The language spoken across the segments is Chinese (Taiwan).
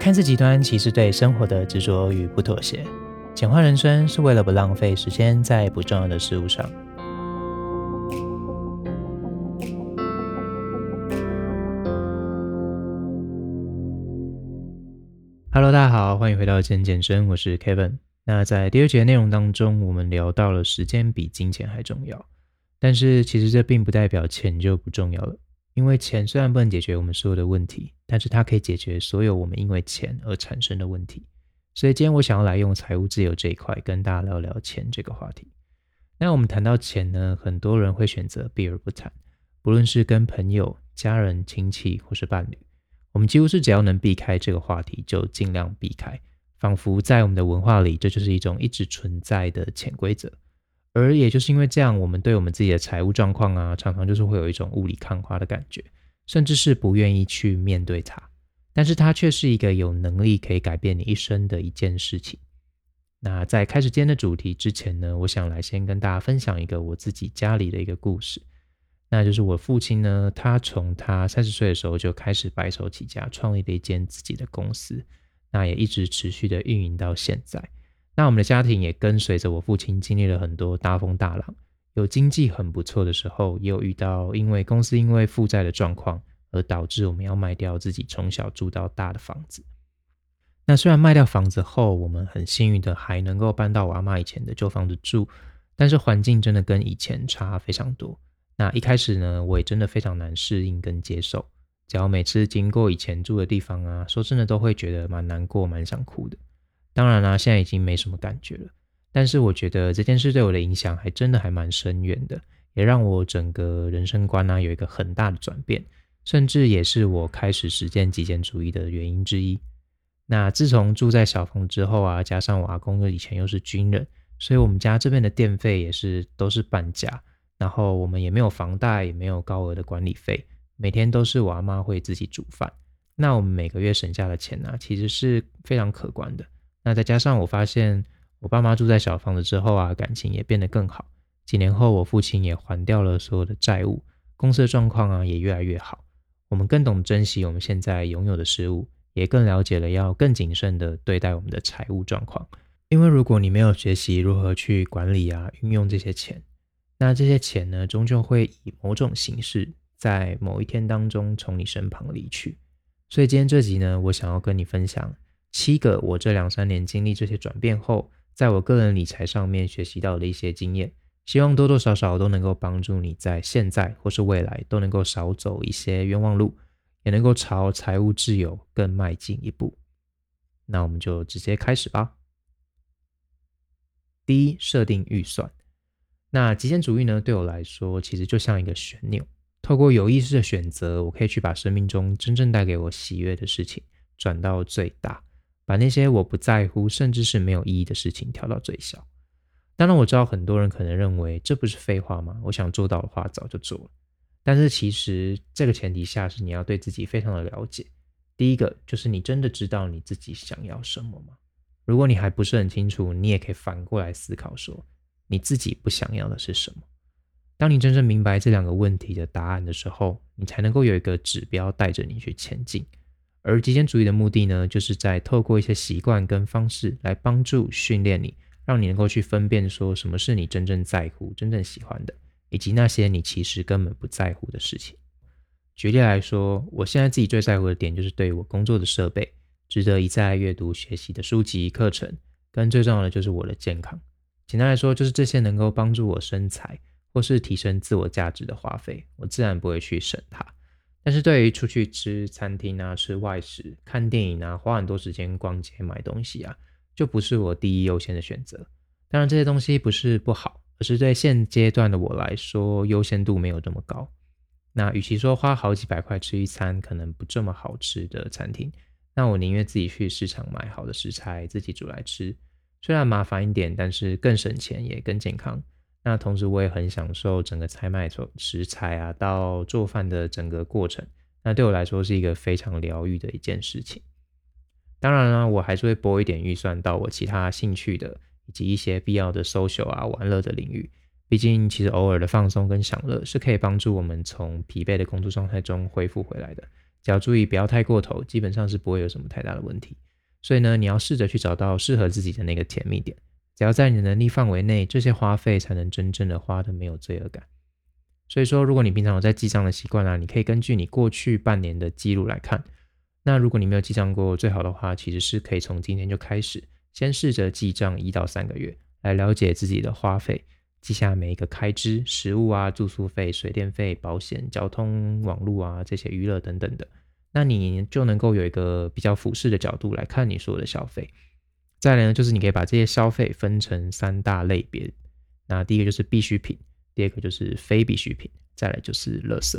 看似極端，其實對生活的執着與不妥協。簡化人生是為了不浪費時間在不重要的事物上。Hello，大家好，歡迎回到極人簡生，我是 Kevin。那在第二集內容當中，我們聊到了時間比金錢還重要，但是其實這並不代表錢就不重要了。因為錢雖然不能解決我們所有的問題，但是它可以解決所有我們因為錢而產生的問題。所以今天我想要來用財務自由這一塊跟大家聊聊錢這個話題。那我們談到錢呢，很多人會選擇避而不談，不論是跟朋友、家人、親戚或是伴侶，我們幾乎是只要能避開這個話題就儘量避開，仿佛在我們的文化裡，這就是一種一直存在的潛規則。而也就是因為這樣，我們對我們自己的財務狀況啊，常常就是會有一種霧裡看花的感覺，甚至是不願意去面對它。但是它卻是一個有能力可以改變你一生的一件事情。那在開始今天的主題之前呢，我想來先跟大家分享一個我自己家裡的一個故事。那就是我父親呢，他從他三十歲的時候就開始白手起家，創立了一間自己的公司，那也一直持續的運營到現在。那我們的家庭也跟隨着我父親經歷了很多大風大浪，有經濟很不錯的時候，也有遇到因為公司因為負債的狀況而導致我們要賣掉自己從小住到大的房子。那雖然賣掉房子後，我們很幸運的還能夠搬到我阿嬤以前的舊房子住，但是環境真的跟以前差非常多。那一開始呢，我也真的非常難適應跟接受，只要每次經過以前住的地方啊，說真的都會覺得蠻難過，蠻想哭的。當然啦、啊，現在已經沒什麼感覺了。但是我覺得這件事對我的影響還真的還蠻深遠的，也讓我整個人生觀呢、啊、有一個很大的轉變，甚至也是我開始實踐極簡主義的原因之一。那自從住在小峰之後啊，加上我阿公又以前又是軍人，所以我們家這邊的電費也是都是半價，然後我們也沒有房貸，也沒有高額的管理費，每天都是我阿嬤會自己煮飯。那我們每個月省下的錢呢、啊，其實是非常可觀的。那再加上我發現，我爸媽住在小房子之後啊，感情也變得更好。幾年後，我父親也還掉了所有的債務，公司的狀況啊也越來越好。我們更懂珍惜我們現在擁有的事物，也更了解了要更謹慎地對待我們的財務狀況。因為如果你沒有學習如何去管理啊，運用這些錢，那這些錢呢，終究會以某種形式在某一天當中從你身旁離去。所以今天這集呢，我想要跟你分享。七個，我這兩三年經歷這些轉變後，在我個人理財上面學習到的一些經驗，希望多多少少都能夠幫助你在現在或是未來都能夠少走一些冤枉路，也能夠朝財務自由更邁進一步。那我們就直接開始吧。第一，設定預算。那極簡主義呢，對我來說其實就像一個旋鈕，透過有意識的選擇，我可以去把生命中真正帶給我喜悅的事情轉到最大。把那些我不在乎，甚至是沒有意義的事情調到最小。當然，我知道很多人可能認為這不是廢話嗎？我想做到的話早就做了。但是其實這個前提下是你要對自己非常的了解。第一個就是你真的知道你自己想要什麼嗎？如果你還不是很清楚，你也可以反過來思考說，你自己不想要的是什麼。當你真正明白這兩個問題的答案的時候，你才能夠有一個指標帶着你去前進。而極簡主義的目的呢，就是在透過一些習慣跟方式來幫助訓練你，讓你能夠去分辨說什麼是你真正在乎、真正喜歡的，以及那些你其實根本不在乎的事情。舉例來說，我現在自己最在乎的點就是對於我工作的設備、值得一再閱讀學習的書籍、課程，跟最重要的就是我的健康。簡單來說，就是這些能夠幫助我生財或是提升自我價值的花費，我自然不會去省它。但是對於出去吃餐廳啊、吃外食、看電影啊、花很多時間逛街買東西啊，就不是我第一優先的選擇。當然，這些東西不是不好，而是對現階段的我來說優先度沒有這麼高。那與其說花好幾百塊吃一餐可能不這麼好吃的餐廳，那我寧願自己去市場買好的食材自己煮來吃，雖然麻煩一點，但是更省錢也更健康。那同時，我也很享受整個採買從食材啊，到做飯的整個過程。那對我來說，是一個非常療癒的一件事情。當然啦、啊，我還是會撥一點預算到我其他興趣的，以及一些必要的 social 啊、玩樂的領域。畢竟，其實偶爾的放鬆跟享樂是可以幫助我們從疲憊的工作狀態中恢復回來的。只要注意不要太過頭，基本上是不會有什麼太大的問題。所以呢，你要試着去找到適合自己的那個甜蜜點。只要在你的能力範圍內，這些花費才能真正的花得沒有罪惡感。所以說，如果你平常有在記賬的習慣啊，你可以根據你過去半年的記錄來看。那如果你沒有記賬過，最好的話其實是可以從今天就開始，先試着記賬一到三個月，來了解自己的花費，記下每一個開支，食物啊、住宿費、水電費、保險、交通、網路啊這些娛樂等等的，那你就能夠有一個比較俯視的角度來看你所有的消費。再來呢，就是你可以把這些消費分成三大類別。那第一個就是必需品，第二個就是非必需品，再來就是垃圾。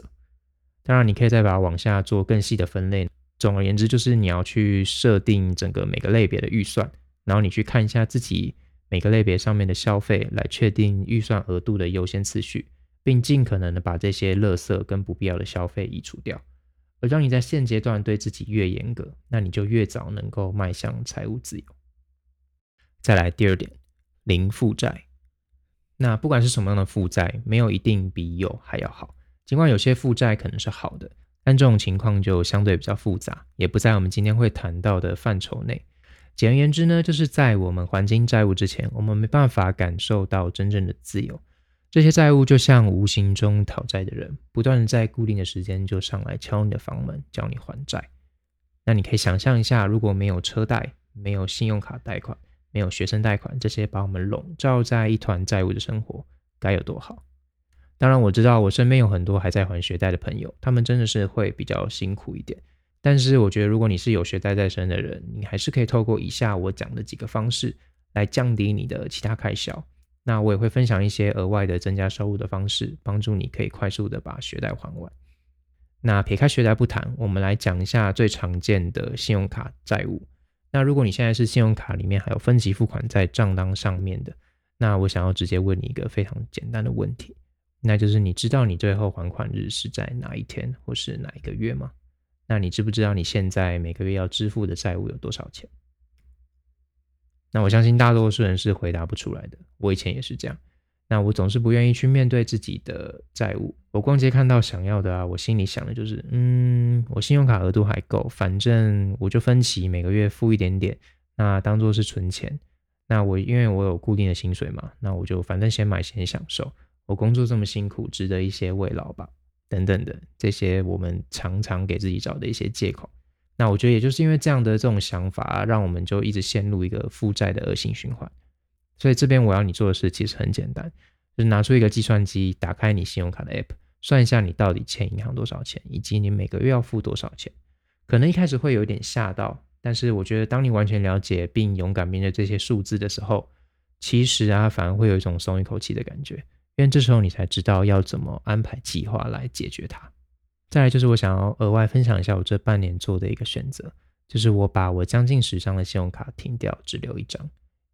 當然，你可以再把它往下做更細的分類。總而言之，就是你要去設定整個每個類別的預算，然後你去看一下自己每個類別上面的消費，來確定預算額度的優先次序，並盡可能的把這些垃圾跟不必要的消費移除掉。而當你在現階段對自己越嚴格，那你就越早能夠邁向財務自由。再來第二點，零負債。那不管是什麼樣的負債，沒有一定比有還要好。儘管有些負債可能是好的，但這種情況就相對比較複雜，也不在我們今天會談到的範疇內。簡而言之呢，就是在我們還清債務之前，我們沒辦法感受到真正的自由。這些債務就像無形中討債的人，不斷地在固定的時間就上來敲你的房門，叫你還債。那你可以想象一下，如果沒有車貸，沒有信用卡貸款。沒有學生貸款，這些把我們籠罩在一團債務的生活，該有多好？當然，我知道我身邊有很多還在還學貸的朋友，他們真的是會比較辛苦一點。但是，我覺得如果你是有學貸在身的人，你還是可以透過以下我講的幾個方式來降低你的其他開銷。那我也會分享一些額外的增加收入的方式，幫助你可以快速的把學貸還完。那撇開學貸不談，我們來講一下最常見的信用卡債務。那如果你現在是信用卡裡面還有分期付款在賬單上面的，那我想要直接問你一個非常簡單的問題，那就是你知道你最後還款日是在哪一天或是哪一個月嗎？那你知不知道你現在每個月要支付的債務有多少錢？那我相信大多數人是回答不出來的，我以前也是這樣。那我總是不願意去面對自己的債務。我逛街看到想要的啊，我心裡想的就是，嗯，我信用卡額度還夠，反正我就分期，每個月付一點點，那當做是存錢。那我因為我有固定的薪水嘛，那我就反正先買先享受。我工作這麼辛苦，值得一些慰勞吧，等等的這些，我們常常給自己找的一些借口。那我覺得，也就是因為這樣的這種想法啊，讓我們就一直陷入一個負債的惡性循環。所以這邊我要你做的事其實很簡單，就是拿出一個計算機，打開你信用卡的 App，算一下你到底欠銀行多少錢，以及你每個月要付多少錢。可能一開始會有一點嚇到，但是我覺得當你完全了解並勇敢面對這些數字的時候，其實啊反而會有一種鬆一口氣的感覺，因為這時候你才知道要怎麼安排計劃來解決它。再來就是我想要額外分享一下我這半年做的一個選擇，就是我把我將近十張的信用卡停掉，只留一張。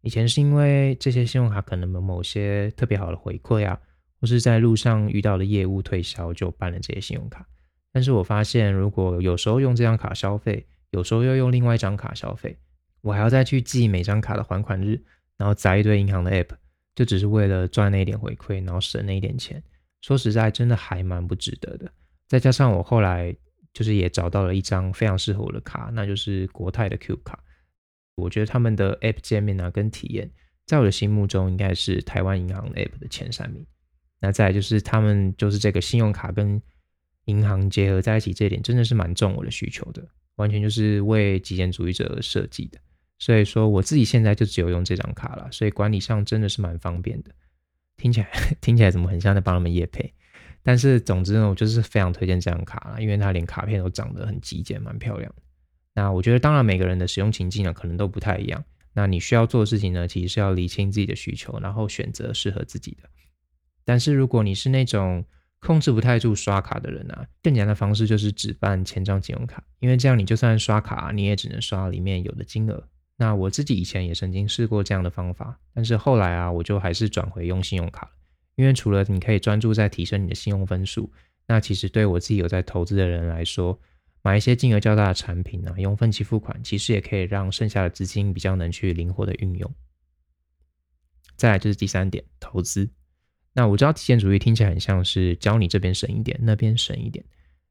以前是因為這些信用卡可能某某些特別好的回饋啊，或是在路上遇到的業務推銷就辦了這些信用卡。但是我發現，如果有時候用這張卡消費，有時候又用另外一張卡消費，我還要再去記每張卡的還款日，然後載一堆銀行的 app，就只是為了賺那一點回饋，然後省那一點錢。說實在，真的還蠻不值得的。再加上我後來就是也找到了一張非常適合我的卡，那就是國泰的 CUBE 卡。我覺得他們的 App 界面啊，跟體驗，在我的心目中應該是台灣銀行 App 的前三名。那再來就是他們就是這個信用卡跟銀行結合在一起這一點，真的是蠻重我的需求的，完全就是為極簡主義者而設計的。所以說我自己現在就只有用這張卡了，所以管理上真的是蠻方便的。聽起來，聽起來怎麼很像在幫他們業配？但是總之呢，我就是非常推薦這張卡了，因為它連卡片都長得很極簡，蠻漂亮的。那我覺得，當然每個人的使用情境呢可能都不太一樣。那你需要做的事情呢，其實是要理清自己的需求，然後選擇適合自己的。但是如果你是那種控制不太住刷卡的人呢、啊，更佳的方式就是只辦簽帳金融卡，因為這樣你就算刷卡，你也只能刷裡面有的金額。那我自己以前也曾經試過這樣的方法，但是後來啊，我就還是轉回用信用卡，因為除了你可以專注在提升你的信用分數，那其實對我自己有在投資的人來說。買一些金額較大的產品呢、啊，用分期付款，其實也可以讓剩下的資金比較能去靈活的運用。再來就是第三點，投資。那我知道節儉主義聽起來很像是教你這邊省一點，那邊省一點，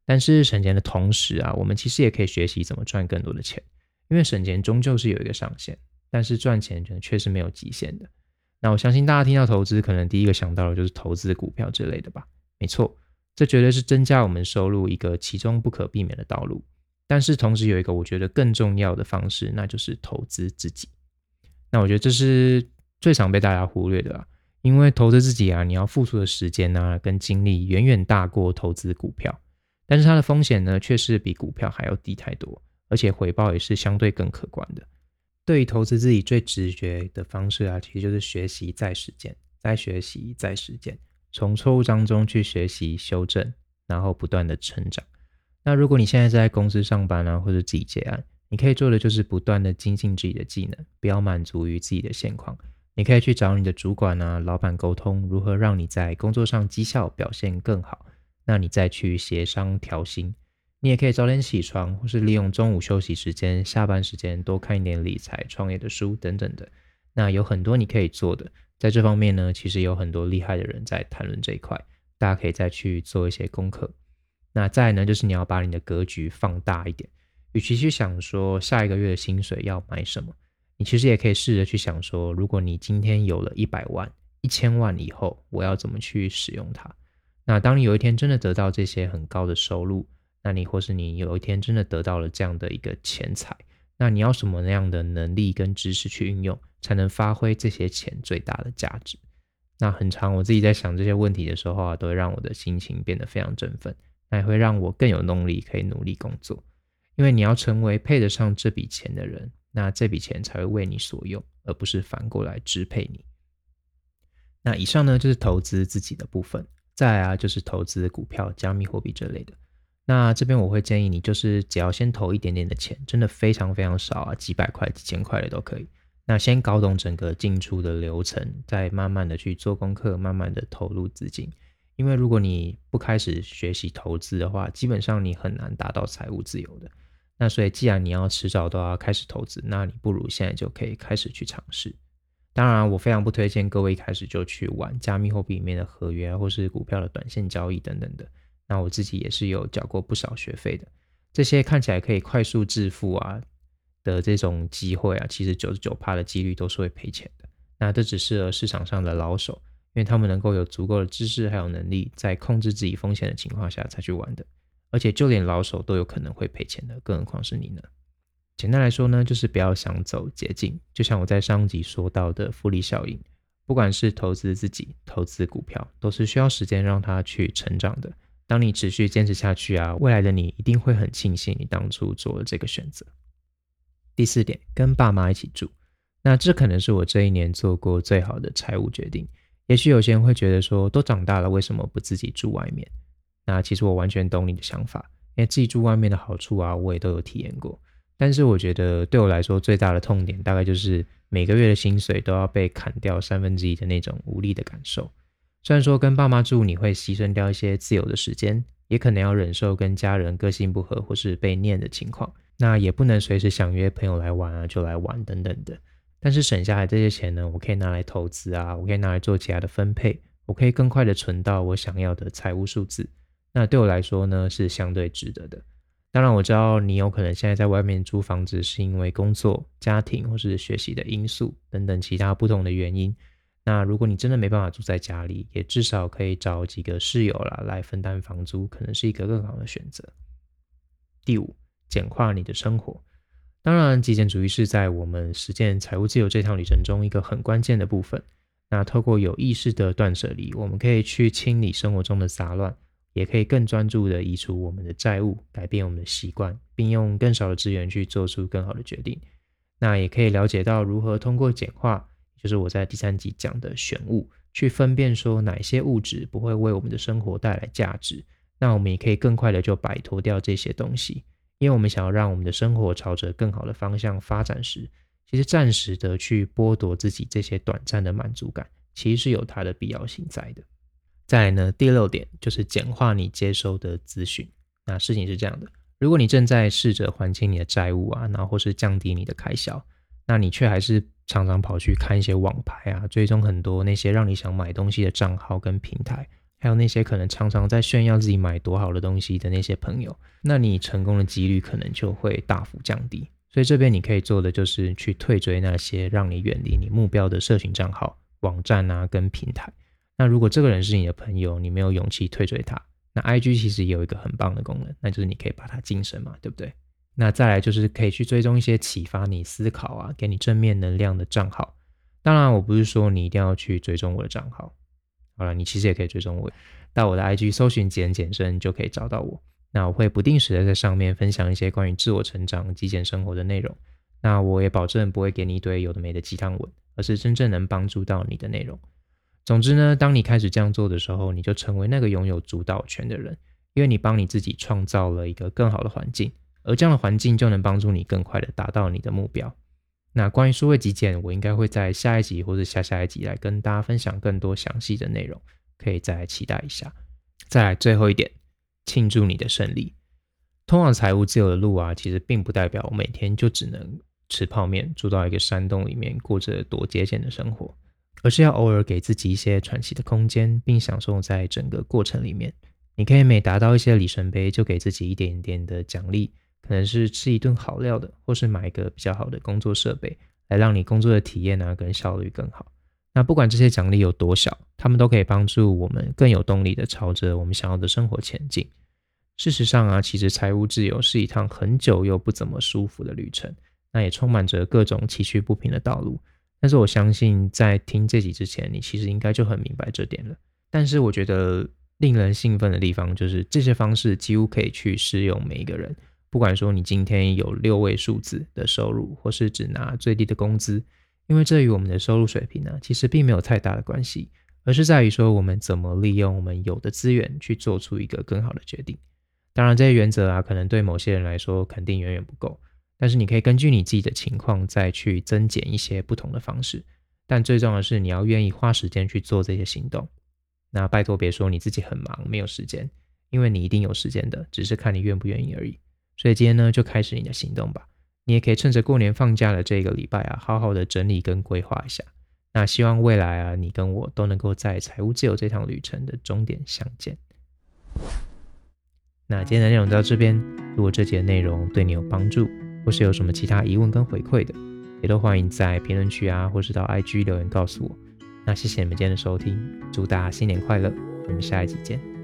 但是省錢的同時啊，我們其實也可以學習怎麼賺更多的錢，因為省錢終究是有一個上限，但是賺錢卻確實沒有極限的。那我相信大家聽到投資，可能第一個想到的就是投資股票之類的吧？沒錯。這絕對是增加我們收入一個其中不可避免的道路，但是同時有一個我覺得更重要的方式，那就是投資自己。那我覺得這是最常被大家忽略的啊，因為投資自己啊，你要付出的時間呢、啊跟精力遠遠大過投資股票，但是它的風險呢卻是比股票還要低太多，而且回報也是相對更可觀的。對於投資自己最直覺的方式啊，其實就是學習再實踐，再學習再實踐。從錯誤當中去學習、修正，然後不斷的成長。那如果你現在在公司上班啊，或者自己接案，你可以做的就是不斷的精進自己的技能，不要滿足於自己的現況。你可以去找你的主管啊、老闆溝通，如何讓你在工作上績效表現更好。那你再去協商調薪。你也可以早點起床，或是利用中午休息時間、下班時間多看一點理財、創業的書等等的。那有很多你可以做的。在這方面呢，其實有很多厲害的人在談論這一塊，大家可以再去做一些功課。那再來呢，就是你要把你的格局放大一點，與其去想說下一個月的薪水要買什麼，你其實也可以試着去想說，如果你今天有了一百萬、一千萬以後，我要怎麼去使用它？那當你有一天真的得到這些很高的收入，那你或是你有一天真的得到了這樣的一個錢財。那你要什麼那樣的能力跟知識去運用，才能發揮這些錢最大的價值？那很常，我自己在想這些問題的時候啊，都會讓我的心情變得非常振奮，那也會讓我更有動力可以努力工作。因為你要成為配得上這筆錢的人，那這筆錢才會為你所用，而不是反過來支配你。那以上呢，就是投資自己的部分，再來啊，就是投資股票、加密貨幣之類的。那這邊我會建議你，就是只要先投一點點的錢，真的非常非常少啊，幾百塊、幾千塊的都可以。那先搞懂整個進出的流程，再慢慢的去做功課，慢慢的投入資金。因為如果你不開始學習投資的話，基本上你很難達到財務自由的。那所以既然你要遲早都要開始投資，那你不如現在就可以開始去嘗試。當然啊，我非常不推薦各位一開始就去玩加密貨幣裡面的合約，或是股票的短線交易等等的。那我自己也是有繳過不少學費的，這些看起來可以快速致富啊的這種機會啊，其實九十九趴的幾率都是會賠錢的。那這只適合市場上的老手，因為他們能夠有足夠的知識還有能力，在控制自己風險的情況下才去玩的。而且就連老手都有可能會賠錢的，更何況是你呢？簡單來說呢，就是不要想走捷徑。就像我在上集說到的複利效應，不管是投資自己、投資股票，都是需要時間讓它去成長的。當你持續堅持下去啊，未來的你一定會很慶幸你當初做了這個選擇。第四點，跟爸媽一起住。那這可能是我這一年做過最好的財務決定。也許有些人會覺得說，都長大了，為什麼不自己住外面？那其實我完全懂你的想法，因為自己住外面的好處啊，我也都有體驗過。但是我覺得對我來說最大的痛點，大概就是每個月的薪水都要被砍掉三分之一的那種無力的感受。雖然說跟爸媽住，你會犧牲掉一些自由的時間，也可能要忍受跟家人個性不合或是被念的情況，那也不能隨時想約朋友來玩啊就來玩等等的。但是省下來這些錢呢，我可以拿來投資啊，我可以拿來做其他的分配，我可以更快的存到我想要的財務數字。那對我來說呢，是相對值得的。當然，我知道你有可能現在在外面租房子，是因為工作、家庭或是學習的因素等等其他不同的原因。那如果你真的沒辦法住在家裡，也至少可以找幾個室友啦，來分擔房租，可能是一個更好的選擇。第五，簡化你的生活。當然，極簡主義是在我們實踐財務自由這趟旅程中一個很關鍵的部分。那透過有意識的斷捨離，我們可以去清理生活中的雜亂，也可以更專注地移除我們的債務，改變我們的習慣，並用更少的資源去做出更好的決定。那也可以了解到如何通過簡化。就是我在第三集講的選物，去分辨說哪些物質不會為我們的生活帶來價值，那我們也可以更快的就擺脫掉這些東西。因為我們想要讓我們的生活朝着更好的方向發展時，其實暫時的去剝奪自己這些短暫的滿足感，其實是有它的必要性在的。再來呢，第六點就是簡化你接收的資訊。那事情是這樣的，如果你正在試着還清你的債務啊，然後或是降低你的開銷，那你卻還是。常常跑去看一些網拍啊，追蹤很多那些讓你想買東西的賬號跟平台，還有那些可能常常在炫耀自己買多好的東西的那些朋友，那你成功的幾率可能就會大幅降低。所以這邊你可以做的就是去退追那些讓你遠離你目標的社群賬號、網站啊跟平台。那如果這個人是你的朋友，你沒有勇氣退追他，那 IG 其實也有一個很棒的功能，那就是你可以把他禁聲嘛，對不對？那再來就是可以去追蹤一些啟發你思考啊，給你正面能量的賬號。當然，我不是說你一定要去追蹤我的賬號。好了，你其實也可以追蹤我，到我的 IG 搜尋“簡簡生”就可以找到我。那我會不定時的在上面分享一些關於自我成長、極簡生活的內容。那我也保證不會給你一堆有的沒的雞湯文，而是真正能幫助到你的內容。總之呢，當你開始這樣做的時候，你就成為那個擁有主導權的人，因為你幫你自己創造了一個更好的環境。而這樣的環境就能幫助你更快地達到你的目標。那關於數位極簡，我應該會在下一集或者下下一集來跟大家分享更多詳細的內容，可以再來期待一下。再來最後一點，慶祝你的勝利。通往財務自由的路啊，其實並不代表我每天就只能吃泡麵、住到一個山洞裡面過着多節儉的生活，而是要偶爾給自己一些喘息的空間，並享受在整個過程裡面。你可以每達到一些里程碑，就給自己一點點的獎勵。可能是吃一頓好料的，或是買一個比較好的工作設備，來讓你工作的體驗呢、啊、跟效率更好。那不管這些獎勵有多小，他們都可以幫助我們更有動力的朝着我們想要的生活前進。事實上啊，其實財務自由是一趟很久又不怎麼舒服的旅程，那也充滿着各種崎嶇不平的道路。但是我相信，在聽這集之前，你其實應該就很明白這點了。但是我覺得令人興奮的地方就是這些方式幾乎可以去適用每一個人。不管說你今天有六位數字的收入，或是只拿最低的工資，因為這與我們的收入水平呢，其實並沒有太大的關係，而是在於說我們怎麼利用我們有的資源去做出一個更好的決定。當然，這些原則啊，可能對某些人來說肯定遠遠不夠，但是你可以根據你自己的情況再去增減一些不同的方式。但最重要的是，你要願意花時間去做這些行動。那拜託，別說你自己很忙，沒有時間，因為你一定有時間的，只是看你願不願意而已。所以今天呢，就開始你的行動吧。你也可以趁着過年放假的這個禮拜啊，好好的整理跟規劃一下。那希望未來啊，你跟我都能夠在財務自由這趟旅程的終點相見。那今天的內容就到這邊，如果這集的內容對你有幫助，或是有什麼其他疑問跟回饋的，也都歡迎在評論區啊，或是到 IG 留言告訴我。那謝謝你們今天的收聽，祝大家新年快樂，我們下一集見。